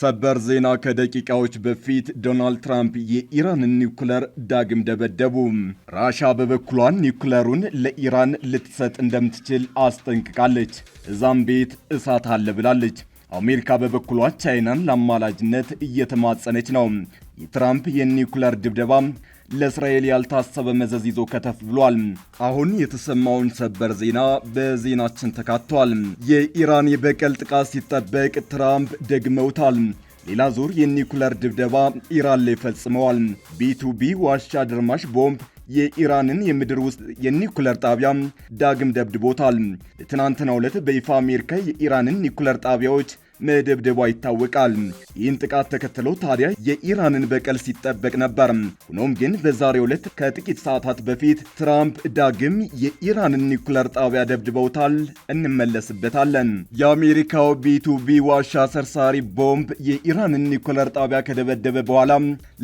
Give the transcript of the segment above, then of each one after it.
ሰበር ዜና ከደቂቃዎች በፊት ዶናልድ ትራምፕ የኢራንን ኒውክለር ዳግም ደበደቡ። ራሻ በበኩሏ ኒውክለሩን ለኢራን ልትሰጥ እንደምትችል አስጠንቅቃለች። እዛም ቤት እሳት አለ ብላለች። አሜሪካ በበኩሏ ቻይናን ለአማላጅነት እየተማጸነች ነው። የትራምፕ የኒውክለር ድብደባ ለእስራኤል ያልታሰበ መዘዝ ይዞ ከተፍ ብሏል። አሁን የተሰማውን ሰበር ዜና በዜናችን ተካቷል። የኢራን የበቀል ጥቃት ሲጠበቅ ትራምፕ ደግመውታል። ሌላ ዙር የኒኩለር ድብደባ ኢራን ላይ ፈጽመዋል። ቢቱቢ ዋሻ ደርማሽ ቦምብ የኢራንን የምድር ውስጥ የኒኩለር ጣቢያ ዳግም ደብድቦታል። በትናንትናው ዕለት በይፋ አሜሪካ የኢራንን ኒኩለር ጣቢያዎች መደብደቧ ይታወቃል። ይህን ጥቃት ተከትሎ ታዲያ የኢራንን በቀል ሲጠበቅ ነበር። ሆኖም ግን በዛሬው ዕለት ከጥቂት ሰዓታት በፊት ትራምፕ ዳግም የኢራንን ኒውክለር ጣቢያ ደብድበውታል። እንመለስበታለን። የአሜሪካው ቢቱቢ ዋሻ ሰርሳሪ ቦምብ የኢራንን ኒውክለር ጣቢያ ከደበደበ በኋላ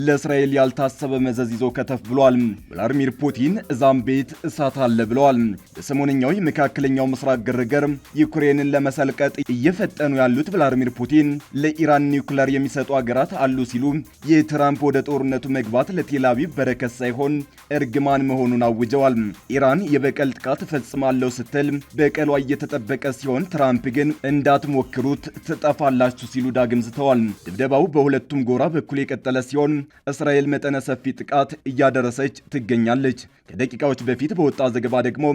ለእስራኤል ያልታሰበ መዘዝ ይዞ ከተፍ ብሏል። ቭላድሚር ፑቲን እዛም ቤት እሳት አለ ብለዋል። በሰሞነኛው የመካከለኛው ምስራቅ ግርግር ዩክሬንን ለመሰልቀጥ እየፈጠኑ ያሉት ቭላድሚር ፑቲን ለኢራን ኒውክለር የሚሰጡ አገራት አሉ ሲሉ የትራምፕ ወደ ጦርነቱ መግባት ለቴላቪቭ በረከት ሳይሆን እርግማን መሆኑን አውጀዋል። ኢራን የበቀል ጥቃት ፈጽማለው ስትል በቀሏ እየተጠበቀ ሲሆን፣ ትራምፕ ግን እንዳትሞክሩት ትጠፋላችሁ ሲሉ ዳግም ዝተዋል። ድብደባው በሁለቱም ጎራ በኩል የቀጠለ ሲሆን እስራኤል መጠነ ሰፊ ጥቃት እያደረሰች ትገኛለች። ከደቂቃዎች በፊት በወጣ ዘገባ ደግሞ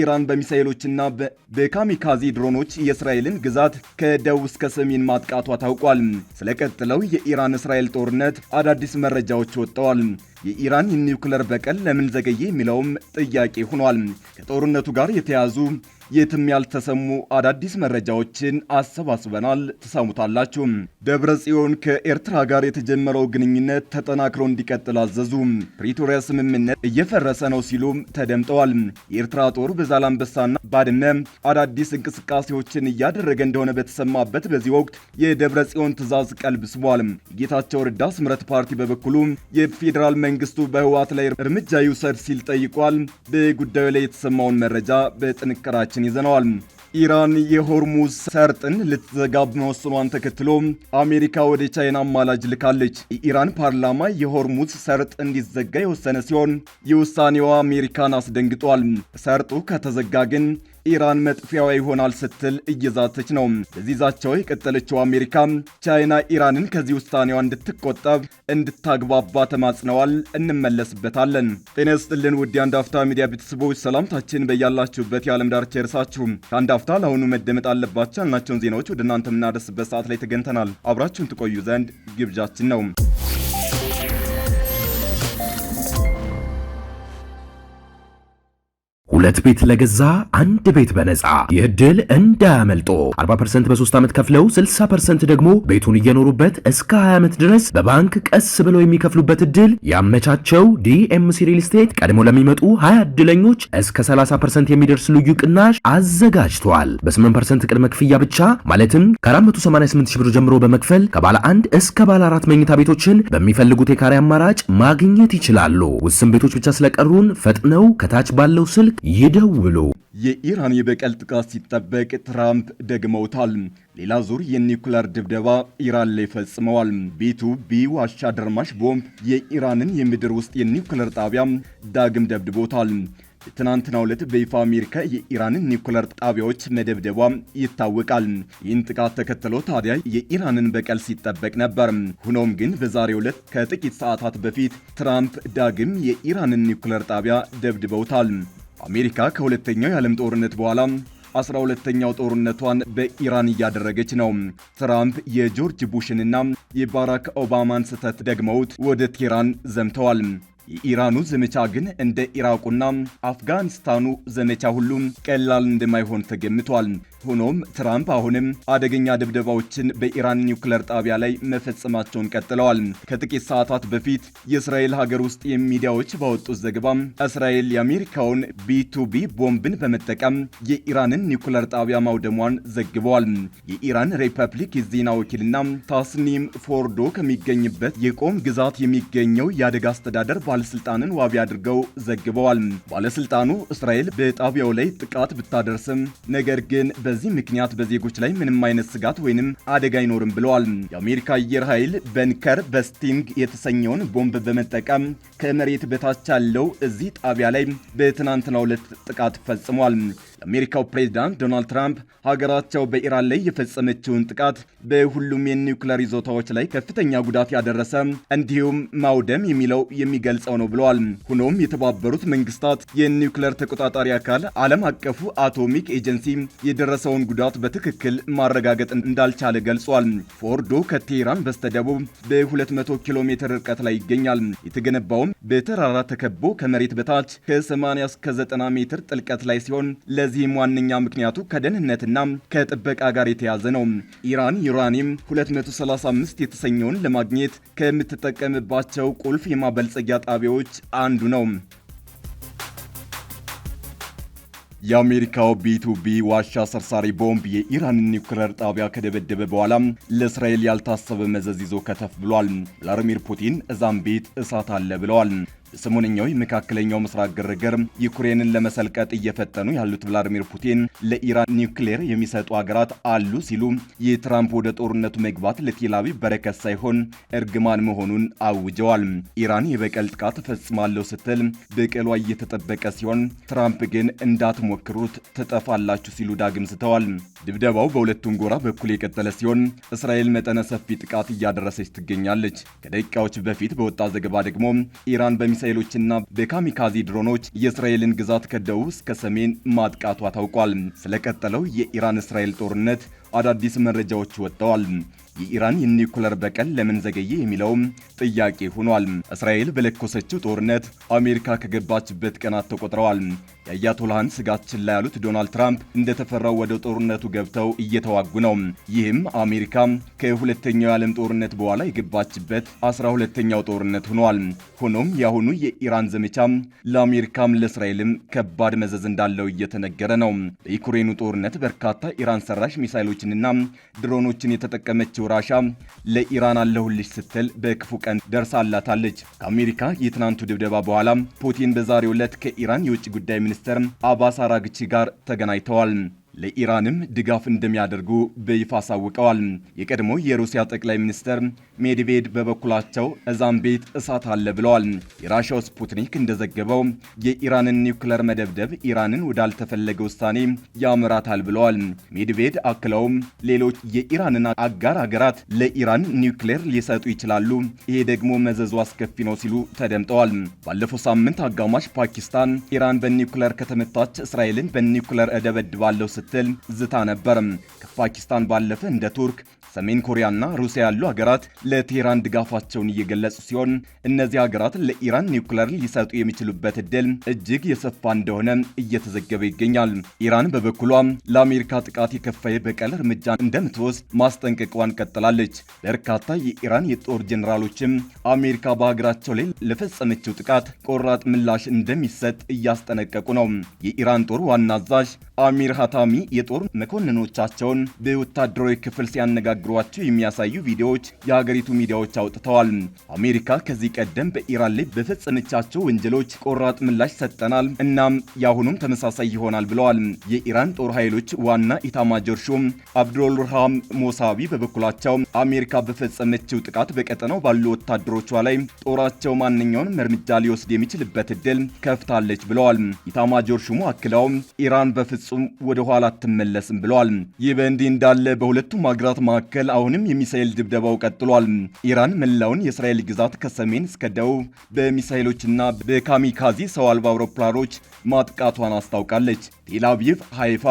ኢራን በሚሳኤሎችና በካሚካዚ ድሮኖች የእስራኤልን ግዛት ከደቡብ እስከ ሰሜን ማጥቃቷ ታውቋል። ስለቀጥለው የኢራን እስራኤል ጦርነት አዳዲስ መረጃዎች ወጥተዋል። የኢራን የኒውክለር በቀል ለምን ዘገየ የሚለውም ጥያቄ ሆኗል። ከጦርነቱ ጋር የተያዙ የትም ያልተሰሙ አዳዲስ መረጃዎችን አሰባስበናል፣ ትሰሙታላችሁ። ደብረ ጽዮን ከኤርትራ ጋር የተጀመረው ግንኙነት ተጠናክሮ እንዲቀጥል አዘዙ። ፕሪቶሪያ ስምምነት እየፈረሰ ነው ሲሉም ተደምጠዋል። የኤርትራ ጦር በዛላምበሳና ባድመ አዳዲስ እንቅስቃሴዎችን እያደረገ እንደሆነ በተሰማበት በዚህ ወቅት የደብረ ጽዮን ትዕዛዝ ስቧል። የጌታቸው ረዳ ስምረት ፓርቲ በበኩሉ የፌዴራል መንግስቱ በህወሓት ላይ እርምጃ ይውሰድ ሲል ጠይቋል። በጉዳዩ ላይ የተሰማውን መረጃ በጥንቅራችን መረጃዎችን ይዘነዋል። ኢራን የሆርሙዝ ሰርጥን ልትዘጋ መወሰኗን ተከትሎ አሜሪካ ወደ ቻይና አማላጅ ልካለች። የኢራን ፓርላማ የሆርሙዝ ሰርጥ እንዲዘጋ የወሰነ ሲሆን የውሳኔዋ አሜሪካን አስደንግጧል። ሰርጡ ከተዘጋ ግን ኢራን መጥፊያዋ ይሆናል ስትል እየዛተች ነው። በዚህ ዛቻው የቀጠለችው አሜሪካ ቻይና ኢራንን ከዚህ ውሳኔዋ እንድትቆጠብ እንድታግባባ ተማጽነዋል። እንመለስበታለን። ጤና ይስጥልን ውድ የአንድ አፍታ ሚዲያ ቤተሰቦች፣ ሰላምታችን በያላችሁበት የዓለም ዳርቻ ይድረሳችሁ። ከአንድ አፍታ ለአሁኑ መደመጥ አለባቸው ያልናቸውን ዜናዎች ወደ እናንተ የምናደርስበት ሰዓት ላይ ተገኝተናል። አብራችሁን ትቆዩ ዘንድ ግብዣችን ነው። ሁለት ቤት ለገዛ አንድ ቤት በነፃ ይህ ዕድል እንዳያመልጦ 40% በ3 ዓመት ከፍለው 60% ደግሞ ቤቱን እየኖሩበት እስከ 20 ዓመት ድረስ በባንክ ቀስ ብለው የሚከፍሉበት እድል ያመቻቸው ዲኤምሲ ሪል ስቴት ቀድሞ ለሚመጡ 20 እድለኞች እስከ 30% የሚደርስ ልዩ ቅናሽ አዘጋጅቷል። በ8% ቅድመ ክፍያ ብቻ ማለትም ከ488000 ብር ጀምሮ በመክፈል ከባለ አንድ እስከ ባለ አራት መኝታ ቤቶችን በሚፈልጉት የካሬ አማራጭ ማግኘት ይችላሉ። ውስን ቤቶች ብቻ ስለቀሩን ፈጥነው ከታች ባለው ስልክ ይደውሉ። የኢራን የበቀል ጥቃት ሲጠበቅ ትራምፕ ደግመውታል። ሌላ ዙር የኒኩለር ድብደባ ኢራን ላይ ፈጽመዋል። ቢቱ ቢ ዋሻ ደርማሽ ቦምብ የኢራንን የምድር ውስጥ የኒኩለር ጣቢያ ዳግም ደብድቦታል። ትናንትና ዕለት በይፋ አሜሪካ የኢራንን ኒኩለር ጣቢያዎች መደብደቧ ይታወቃል። ይህን ጥቃት ተከትሎ ታዲያ የኢራንን በቀል ሲጠበቅ ነበር። ሆኖም ግን በዛሬው ዕለት ከጥቂት ሰዓታት በፊት ትራምፕ ዳግም የኢራንን ኒኩለር ጣቢያ ደብድበውታል። አሜሪካ ከሁለተኛው የዓለም ጦርነት በኋላ አስራ ሁለተኛው ጦርነቷን በኢራን እያደረገች ነው። ትራምፕ የጆርጅ ቡሽንና የባራክ ኦባማን ስህተት ደግመውት ወደ ቴህራን ዘምተዋል። የኢራኑ ዘመቻ ግን እንደ ኢራቁና አፍጋኒስታኑ ዘመቻ ሁሉም ቀላል እንደማይሆን ተገምቷል። ሆኖም ትራምፕ አሁንም አደገኛ ድብደባዎችን በኢራን ኒውክለር ጣቢያ ላይ መፈጸማቸውን ቀጥለዋል። ከጥቂት ሰዓታት በፊት የእስራኤል ሀገር ውስጥ የሚዲያዎች ባወጡት ዘገባ እስራኤል የአሜሪካውን ቢቱቢ ቦምብን በመጠቀም የኢራንን ኒውክለር ጣቢያ ማውደሟን ዘግበዋል። የኢራን ሪፐብሊክ የዜና ወኪልና ታስኒም ፎርዶ ከሚገኝበት የቆም ግዛት የሚገኘው የአደጋ አስተዳደር ባለስልጣንን ዋቢ አድርገው ዘግበዋል። ባለስልጣኑ እስራኤል በጣቢያው ላይ ጥቃት ብታደርስም ነገር ግን በዚህ ምክንያት በዜጎች ላይ ምንም አይነት ስጋት ወይንም አደጋ አይኖርም ብለዋል። የአሜሪካ አየር ኃይል በንከር በስቲንግ የተሰኘውን ቦምብ በመጠቀም ከመሬት በታች ያለው እዚህ ጣቢያ ላይ በትናንትናው ዕለት ጥቃት ፈጽሟል። የአሜሪካው ፕሬዚዳንት ዶናልድ ትራምፕ ሀገራቸው በኢራን ላይ የፈጸመችውን ጥቃት በሁሉም የኒውክሌር ይዞታዎች ላይ ከፍተኛ ጉዳት ያደረሰ እንዲሁም ማውደም የሚለው የሚገልጸው ነው ብለዋል። ሆኖም የተባበሩት መንግስታት የኒውክሌር ተቆጣጣሪ አካል ዓለም አቀፉ አቶሚክ ኤጀንሲ የደረሰውን ጉዳት በትክክል ማረጋገጥ እንዳልቻለ ገልጿል። ፎርዶ ከቴህራን በስተደቡብ በ200 ኪሎ ሜትር ርቀት ላይ ይገኛል። የተገነባውም በተራራ ተከቦ ከመሬት በታች ከ80 እስከ 90 ሜትር ጥልቀት ላይ ሲሆን ለዚህም ዋነኛ ምክንያቱ ከደህንነትና ከጥበቃ ጋር የተያዘ ነው። ኢራን ዩራኒየም 235 የተሰኘውን ለማግኘት ከምትጠቀምባቸው ቁልፍ የማበልጸጊያ ጣቢያዎች አንዱ ነው። የአሜሪካው ቢቱቢ ዋሻ ሰርሳሪ ቦምብ የኢራንን ኒውክለር ጣቢያ ከደበደበ በኋላ ለእስራኤል ያልታሰበ መዘዝ ይዞ ከተፍ ብሏል። ቭላዲሚር ፑቲን እዛም ቤት እሳት አለ ብለዋል። ሰሞነኛው የመካከለኛው ምስራቅ ግርግር ዩክሬንን ለመሰልቀጥ እየፈተኑ ያሉት ቭላዲሚር ፑቲን ለኢራን ኒውክሌር የሚሰጡ ሀገራት አሉ ሲሉ የትራምፕ ወደ ጦርነቱ መግባት ለቴላቪቭ በረከት ሳይሆን እርግማን መሆኑን አውጀዋል። ኢራን የበቀል ጥቃት ፈጽማለው ስትል በቀሏ እየተጠበቀ ሲሆን፣ ትራምፕ ግን እንዳትሞክሩት ትጠፋላችሁ ሲሉ ዳግም ስተዋል። ድብደባው በሁለቱም ጎራ በኩል የቀጠለ ሲሆን እስራኤል መጠነ ሰፊ ጥቃት እያደረሰች ትገኛለች። ከደቂቃዎች በፊት በወጣ ዘገባ ደግሞ ኢራን በሚ ሚሳኤሎችና በካሚካዚ ድሮኖች የእስራኤልን ግዛት ከደቡብ እስከ ሰሜን ማጥቃቷ ታውቋል። ስለቀጠለው የኢራን እስራኤል ጦርነት አዳዲስ መረጃዎች ወጥተዋል። የኢራን የኒውክለር በቀል ለምን ዘገየ የሚለውም ጥያቄ ሆኗል። እስራኤል በለኮሰችው ጦርነት አሜሪካ ከገባችበት ቀናት ተቆጥረዋል። የአያቶላህን ስጋችን ላይ ያሉት ዶናልድ ትራምፕ እንደተፈራው ወደ ጦርነቱ ገብተው እየተዋጉ ነው። ይህም አሜሪካ ከሁለተኛው የዓለም ጦርነት በኋላ የገባችበት አስራ ሁለተኛው ጦርነት ሆኗል። ሆኖም የአሁኑ የኢራን ዘመቻ ለአሜሪካም ለእስራኤልም ከባድ መዘዝ እንዳለው እየተነገረ ነው። በዩክሬኑ ጦርነት በርካታ ኢራን ሰራሽ ሚሳይሎች ሚሳይሎችንና ድሮኖችን የተጠቀመችው ራሻ ለኢራን አለሁልሽ ስትል በክፉ ቀን ደርሳላታለች። ከአሜሪካ የትናንቱ ድብደባ በኋላ ፑቲን በዛሬው ዕለት ከኢራን የውጭ ጉዳይ ሚኒስትር አባስ አራግቺ ጋር ተገናኝተዋል። ለኢራንም ድጋፍ እንደሚያደርጉ በይፋ አሳውቀዋል። የቀድሞ የሩሲያ ጠቅላይ ሚኒስትር ሜድቬድ በበኩላቸው እዛም ቤት እሳት አለ ብለዋል። የራሻው ስፑትኒክ እንደዘገበው የኢራንን ኒውክለር መደብደብ ኢራንን ወዳልተፈለገ ውሳኔ ያምራታል ብለዋል። ሜድቬድ አክለውም ሌሎች የኢራንን አጋር አገራት ለኢራን ኒውክሌር ሊሰጡ ይችላሉ፣ ይሄ ደግሞ መዘዙ አስከፊ ነው ሲሉ ተደምጠዋል። ባለፈው ሳምንት አጋማሽ ፓኪስታን ኢራን በኒውክለር ከተመታች እስራኤልን በኒውክለር እደበድባለሁ ስትል ዝታ ነበር። ከፓኪስታን ባለፈ እንደ ቱርክ ሰሜን ኮሪያና ሩሲያ ያሉ ሀገራት ለቴህራን ድጋፋቸውን እየገለጹ ሲሆን እነዚህ ሀገራት ለኢራን ኒውክለር ሊሰጡ የሚችሉበት እድል እጅግ የሰፋ እንደሆነ እየተዘገበ ይገኛል። ኢራን በበኩሏ ለአሜሪካ ጥቃት የከፋ የበቀል እርምጃ እንደምትወስድ ማስጠንቀቋን ቀጥላለች። በርካታ የኢራን የጦር ጀኔራሎችም አሜሪካ በሀገራቸው ላይ ለፈጸመችው ጥቃት ቆራጥ ምላሽ እንደሚሰጥ እያስጠነቀቁ ነው። የኢራን ጦር ዋና አዛዥ አሚር ሃታሚ የጦር መኮንኖቻቸውን በወታደራዊ ክፍል ሲያነጋግ ሲነግሯቸው የሚያሳዩ ቪዲዮዎች የሀገሪቱ ሚዲያዎች አውጥተዋል። አሜሪካ ከዚህ ቀደም በኢራን ላይ በፈጸመቻቸው ወንጀሎች ቆራጥ ምላሽ ሰጠናል፣ እናም የአሁኑም ተመሳሳይ ይሆናል ብለዋል። የኢራን ጦር ኃይሎች ዋና ኢታማጆር ሹም አብዶልርሃም ሞሳቢ በበኩላቸው አሜሪካ በፈጸመችው ጥቃት በቀጠናው ባሉ ወታደሮቿ ላይ ጦራቸው ማንኛውንም እርምጃ ሊወስድ የሚችልበት እድል ከፍታለች ብለዋል። ኢታማጆር ሹሙ አክለው ኢራን በፍጹም ወደ ኋላ አትመለስም ብለዋል። ይህ በእንዲህ እንዳለ በሁለቱም ሀገራት መካከል መካከል አሁንም የሚሳኤል ድብደባው ቀጥሏል። ኢራን መላውን የእስራኤል ግዛት ከሰሜን እስከ ደቡብ በሚሳኤሎችና በካሚካዚ ሰው አልባ አውሮፕላኖች ማጥቃቷን አስታውቃለች። ቴል ሃይፋ፣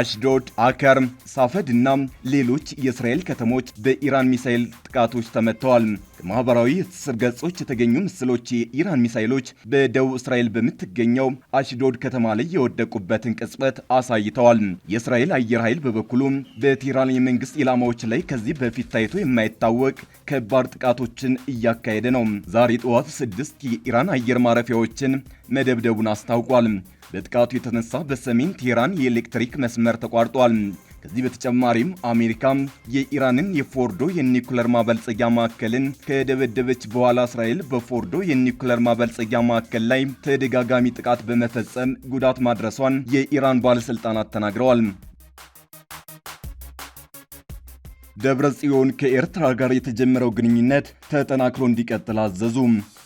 አሽዶድ፣ አከር፣ ሳፈድ እና ሌሎች የእስራኤል ከተሞች በኢራን ሚሳኤል ጥቃቶች ተመትተዋል። ከማህበራዊ ትስስር ገጾች የተገኙ ምስሎች የኢራን ሚሳይሎች በደቡብ እስራኤል በምትገኘው አሽዶድ ከተማ ላይ የወደቁበትን ቅጽበት አሳይተዋል። የእስራኤል አየር ኃይል በበኩሉ በቴህራን የመንግስት ኢላማዎች ላይ ከዚህ በፊት ታይቶ የማይታወቅ ከባድ ጥቃቶችን እያካሄደ ነው። ዛሬ ጠዋት ስድስት የኢራን አየር ማረፊያዎችን መደብደቡን አስታውቋል። በጥቃቱ የተነሳ በሰሜን ቴህራን የኤሌክትሪክ መስመር ተቋርጧል። ከዚህ በተጨማሪም አሜሪካም የኢራንን የፎርዶ የኒኩለር ማበልጸጊያ ማዕከልን ከደበደበች በኋላ እስራኤል በፎርዶ የኒኩለር ማበልጸጊያ ማዕከል ላይ ተደጋጋሚ ጥቃት በመፈጸም ጉዳት ማድረሷን የኢራን ባለሥልጣናት ተናግረዋል። ደብረ ጽዮን ከኤርትራ ጋር የተጀመረው ግንኙነት ተጠናክሮ እንዲቀጥል አዘዙ።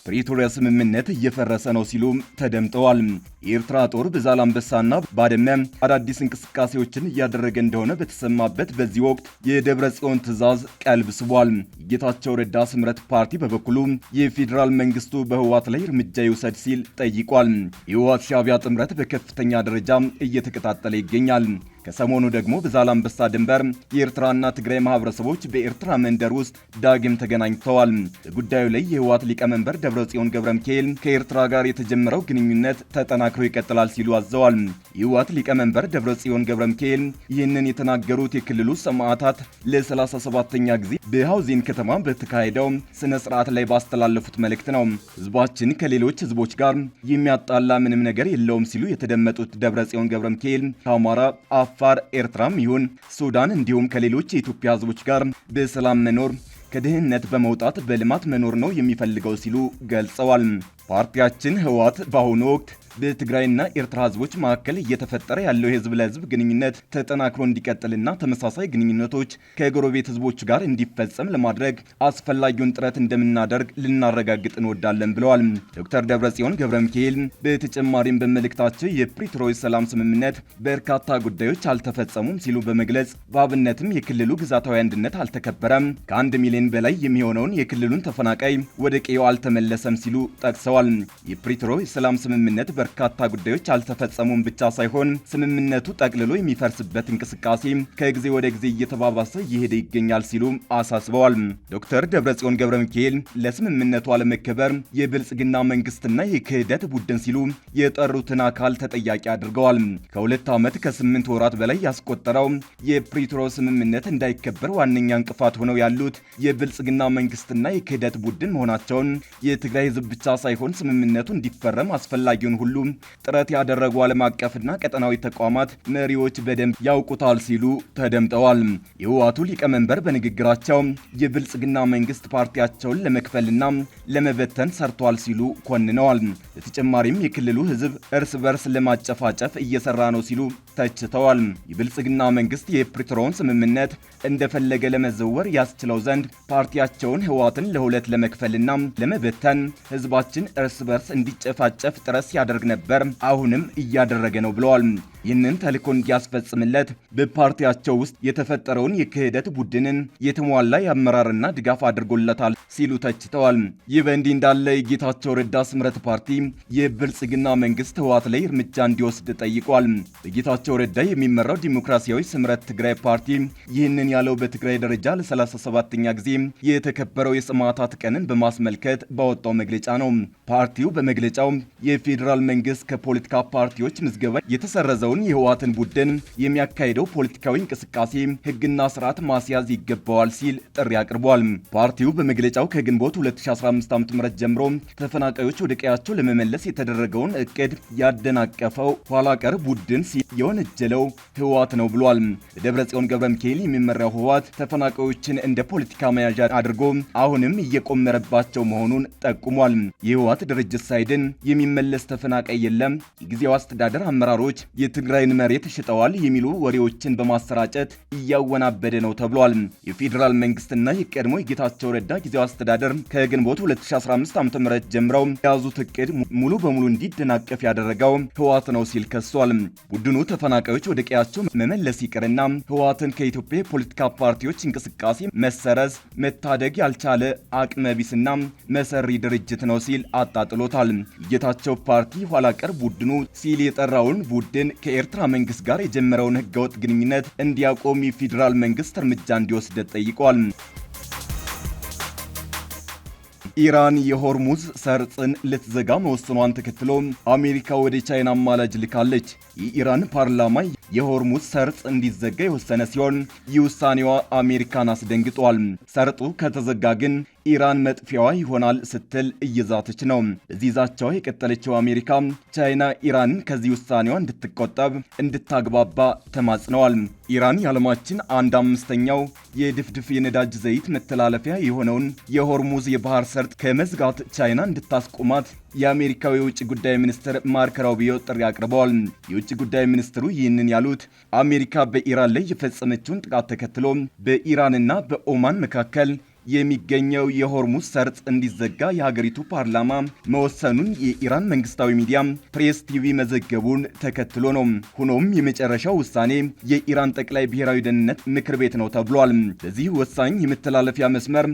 ፕሪቶሪያ ስምምነት እየፈረሰ ነው ሲሉ ተደምጠዋል። የኤርትራ ጦር በዛላምበሳና ባድመ አዳዲስ እንቅስቃሴዎችን እያደረገ እንደሆነ በተሰማበት በዚህ ወቅት የደብረ ጽዮን ትዕዛዝ ቀልብ ስቧል። የጌታቸው ረዳ ስምረት ፓርቲ በበኩሉ የፌዴራል መንግስቱ በህዋት ላይ እርምጃ ይውሰድ ሲል ጠይቋል። የህዋት ሻቢያ ጥምረት በከፍተኛ ደረጃ እየተቀጣጠለ ይገኛል። ከሰሞኑ ደግሞ በዛላምበሳ ድንበር የኤርትራና ትግራይ ማህበረሰቦች በኤርትራ መንደር ውስጥ ዳግም ተገናኝተዋል። በጉዳዩ ላይ የህወሓት ሊቀመንበር ደብረጽዮን ገብረ ሚካኤል ከኤርትራ ጋር የተጀመረው ግንኙነት ተጠናክሮ ይቀጥላል ሲሉ አዘዋል። የህወሓት ሊቀመንበር ደብረጽዮን ገብረ ሚካኤል ይህንን የተናገሩት የክልሉ ሰማዕታት ለ37ኛ ጊዜ በሐውዜን ከተማ በተካሄደው ስነ ስርዓት ላይ ባስተላለፉት መልእክት ነው። ህዝባችን ከሌሎች ህዝቦች ጋር የሚያጣላ ምንም ነገር የለውም ሲሉ የተደመጡት ደብረጽዮን ገብረ ሚካኤል ከአማራ አፍ አፋር፣ ኤርትራም ይሁን ሱዳን እንዲሁም ከሌሎች የኢትዮጵያ ህዝቦች ጋር በሰላም መኖር ከድህነት በመውጣት በልማት መኖር ነው የሚፈልገው ሲሉ ገልጸዋል። ፓርቲያችን ህወሓት በአሁኑ ወቅት በትግራይና ኤርትራ ህዝቦች መካከል እየተፈጠረ ያለው የህዝብ ለህዝብ ግንኙነት ተጠናክሮ እንዲቀጥልና ተመሳሳይ ግንኙነቶች ከጎረቤት ህዝቦች ጋር እንዲፈጸም ለማድረግ አስፈላጊውን ጥረት እንደምናደርግ ልናረጋግጥ እንወዳለን ብለዋል ዶክተር ደብረጽዮን ገብረ ሚካኤል። በተጨማሪም በመልእክታቸው የፕሪቶሪያ ሰላም ስምምነት በርካታ ጉዳዮች አልተፈጸሙም ሲሉ በመግለጽ በአብነትም የክልሉ ግዛታዊ አንድነት አልተከበረም፣ ከአንድ ሚሊዮን በላይ የሚሆነውን የክልሉን ተፈናቃይ ወደ ቀዬው አልተመለሰም ሲሉ ጠቅሰዋል። የፕሪቶሪያ ሰላም ስምምነት በርካታ ጉዳዮች አልተፈጸሙም ብቻ ሳይሆን ስምምነቱ ጠቅልሎ የሚፈርስበት እንቅስቃሴ ከጊዜ ወደ ጊዜ እየተባባሰ እየሄደ ይገኛል ሲሉ አሳስበዋል። ዶክተር ደብረጽዮን ገብረ ሚካኤል ለስምምነቱ አለመከበር የብልጽግና መንግስትና የክህደት ቡድን ሲሉ የጠሩትን አካል ተጠያቂ አድርገዋል። ከሁለት ዓመት ከስምንት ወራት በላይ ያስቆጠረው የፕሪቶሪያው ስምምነት እንዳይከበር ዋነኛ እንቅፋት ሆነው ያሉት የብልጽግና መንግስትና የክህደት ቡድን መሆናቸውን የትግራይ ህዝብ ብቻ ሳይሆን ስምምነቱ እንዲፈረም አስፈላጊውን ሁሉ ሁሉም ጥረት ያደረጉ ዓለም አቀፍና ቀጠናዊ ተቋማት መሪዎች በደንብ ያውቁታል ሲሉ ተደምጠዋል። የህወሓቱ ሊቀመንበር በንግግራቸው የብልጽግና መንግስት ፓርቲያቸውን ለመክፈልና ለመበተን ሰርቷል ሲሉ ኮንነዋል። በተጨማሪም የክልሉ ህዝብ እርስ በርስ ለማጨፋጨፍ እየሰራ ነው ሲሉ ተችተዋል። የብልጽግና መንግስት የፕሪቶሪያውን ስምምነት እንደፈለገ ለመዘወር ያስችለው ዘንድ ፓርቲያቸውን ህወሓትን ለሁለት ለመክፈልና ለመበተን ህዝባችን እርስ በርስ እንዲጨፋጨፍ ጥረት ሲያደርግ ነበር፣ አሁንም እያደረገ ነው ብለዋል። ይህንን ተልእኮ እንዲያስፈጽምለት በፓርቲያቸው ውስጥ የተፈጠረውን የክህደት ቡድንን የተሟላ የአመራርና ድጋፍ አድርጎለታል ሲሉ ተችተዋል። ይህ በእንዲህ እንዳለ የጌታቸው ረዳ ስምረት ፓርቲ የብልጽግና መንግስት ህወሓት ላይ እርምጃ እንዲወስድ ጠይቋል። በጌታቸው ረዳ የሚመራው ዲሞክራሲያዊ ስምረት ትግራይ ፓርቲ ይህንን ያለው በትግራይ ደረጃ ለ37ኛ ጊዜ የተከበረው የሰማዕታት ቀንን በማስመልከት ባወጣው መግለጫ ነው። ፓርቲው በመግለጫው የፌዴራል መንግስት ከፖለቲካ ፓርቲዎች ምዝገባ የተሰረዘው ያለውን የህወሓትን ቡድን የሚያካሂደው ፖለቲካዊ እንቅስቃሴ ህግና ስርዓት ማስያዝ ይገባዋል ሲል ጥሪ አቅርቧል። ፓርቲው በመግለጫው ከግንቦት 2015 ዓ.ም ጀምሮ ተፈናቃዮች ወደ ቀያቸው ለመመለስ የተደረገውን እቅድ ያደናቀፈው ኋላ ቀር ቡድን ሲል የወነጀለው ህወሓት ነው ብሏል። ደብረጽዮን ገብረ ሚካኤል የሚመራው ህወሓት ተፈናቃዮችን እንደ ፖለቲካ መያዣ አድርጎ አሁንም እየቆመረባቸው መሆኑን ጠቁሟል። የህወሓት ድርጅት ሳይድን የሚመለስ ተፈናቃይ የለም፣ የጊዜው አስተዳደር አመራሮች የት የትግራይን መሬት ሽጠዋል የሚሉ ወሬዎችን በማሰራጨት እያወናበደ ነው ተብሏል። የፌዴራል መንግስትና የቀድሞ የጌታቸው ረዳ ጊዜው አስተዳደር ከግንቦት 2015 ዓ ም ጀምረው የያዙት እቅድ ሙሉ በሙሉ እንዲደናቀፍ ያደረገው ህወሓት ነው ሲል ከሷል። ቡድኑ ተፈናቃዮች ወደ ቀያቸው መመለስ ይቅርና ህወሓትን ከኢትዮጵያ የፖለቲካ ፓርቲዎች እንቅስቃሴ መሰረዝ መታደግ ያልቻለ አቅመ ቢስና መሰሪ ድርጅት ነው ሲል አጣጥሎታል። የጌታቸው ፓርቲ ኋላ ቀር ቡድኑ ሲል የጠራውን ቡድን ከኤርትራ መንግስት ጋር የጀመረውን ህገወጥ ግንኙነት እንዲያቆም የፌዴራል መንግስት እርምጃ እንዲወስድ ጠይቋል። ኢራን የሆርሙዝ ሰርጥን ልትዘጋ መወሰኗን ተከትሎ አሜሪካ ወደ ቻይና አማላጅ ልካለች። የኢራን ፓርላማ የሆርሙዝ ሰርጥ እንዲዘጋ የወሰነ ሲሆን ይህ ውሳኔዋ አሜሪካን አስደንግጧል። ሰርጡ ከተዘጋ ግን ኢራን መጥፊያዋ ይሆናል ስትል እየዛተች ነው። በዚህ ዛቻዋ የቀጠለችው አሜሪካ ቻይና ኢራንን ከዚህ ውሳኔዋ እንድትቆጠብ እንድታግባባ ተማጽነዋል። ኢራን የዓለማችን አንድ አምስተኛው የድፍድፍ የነዳጅ ዘይት መተላለፊያ የሆነውን የሆርሙዝ የባህር ሰርጥ ከመዝጋት ቻይና እንድታስቆማት የአሜሪካው የውጭ ጉዳይ ሚኒስትር ማርክ ራቢዮ ጥሪ አቅርበዋል። የውጭ ጉዳይ ሚኒስትሩ ይህንን ያሉት አሜሪካ በኢራን ላይ የፈጸመችውን ጥቃት ተከትሎ በኢራንና በኦማን መካከል የሚገኘው የሆርሙዝ ሰርጥ እንዲዘጋ የሀገሪቱ ፓርላማ መወሰኑን የኢራን መንግስታዊ ሚዲያ ፕሬስ ቲቪ መዘገቡን ተከትሎ ነው። ሆኖም የመጨረሻው ውሳኔ የኢራን ጠቅላይ ብሔራዊ ደህንነት ምክር ቤት ነው ተብሏል። በዚህ ወሳኝ የመተላለፊያ መስመር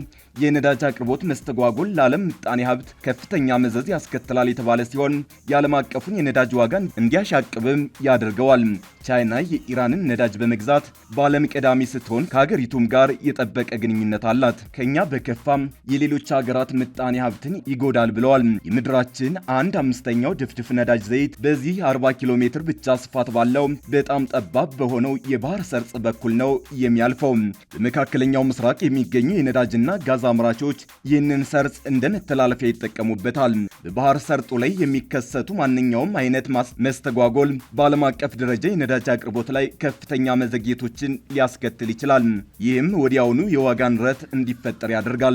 የነዳጅ አቅርቦት መስተጓጎል ለዓለም ምጣኔ ሀብት ከፍተኛ መዘዝ ያስከትላል የተባለ ሲሆን የዓለም አቀፉን የነዳጅ ዋጋ እንዲያሻቅብም ያደርገዋል። ቻይና የኢራንን ነዳጅ በመግዛት በዓለም ቀዳሚ ስትሆን ከሀገሪቱም ጋር የጠበቀ ግንኙነት አላት። ከእኛ በከፋም የሌሎች ሀገራት ምጣኔ ሀብትን ይጎዳል ብለዋል። የምድራችን አንድ አምስተኛው ድፍድፍ ነዳጅ ዘይት በዚህ 40 ኪሎ ሜትር ብቻ ስፋት ባለው በጣም ጠባብ በሆነው የባህር ሰርጽ በኩል ነው የሚያልፈው። በመካከለኛው ምስራቅ የሚገኙ የነዳጅና ጋዛ አምራቾች ይህንን ሰርጽ እንደ መተላለፊያ ይጠቀሙበታል። በባህር ሰርጡ ላይ የሚከሰቱ ማንኛውም አይነት መስተጓጎል በዓለም አቀፍ ደረጃ የነዳጅ አቅርቦት ላይ ከፍተኛ መዘግየቶችን ሊያስከትል ይችላል። ይህም ወዲያውኑ የዋጋ ንረት እንዲፈጠር ያደርጋል።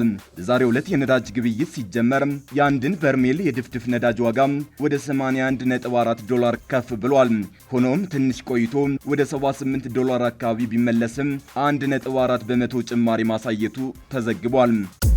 ዛሬ ዕለት የነዳጅ ግብይት ሲጀመር የአንድን በርሜል የድፍድፍ ነዳጅ ዋጋ ወደ 81.4 ዶላር ከፍ ብሏል። ሆኖም ትንሽ ቆይቶ ወደ 78 ዶላር አካባቢ ቢመለስም 1.4 በመቶ ጭማሪ ማሳየቱ ተዘግቧል። soon.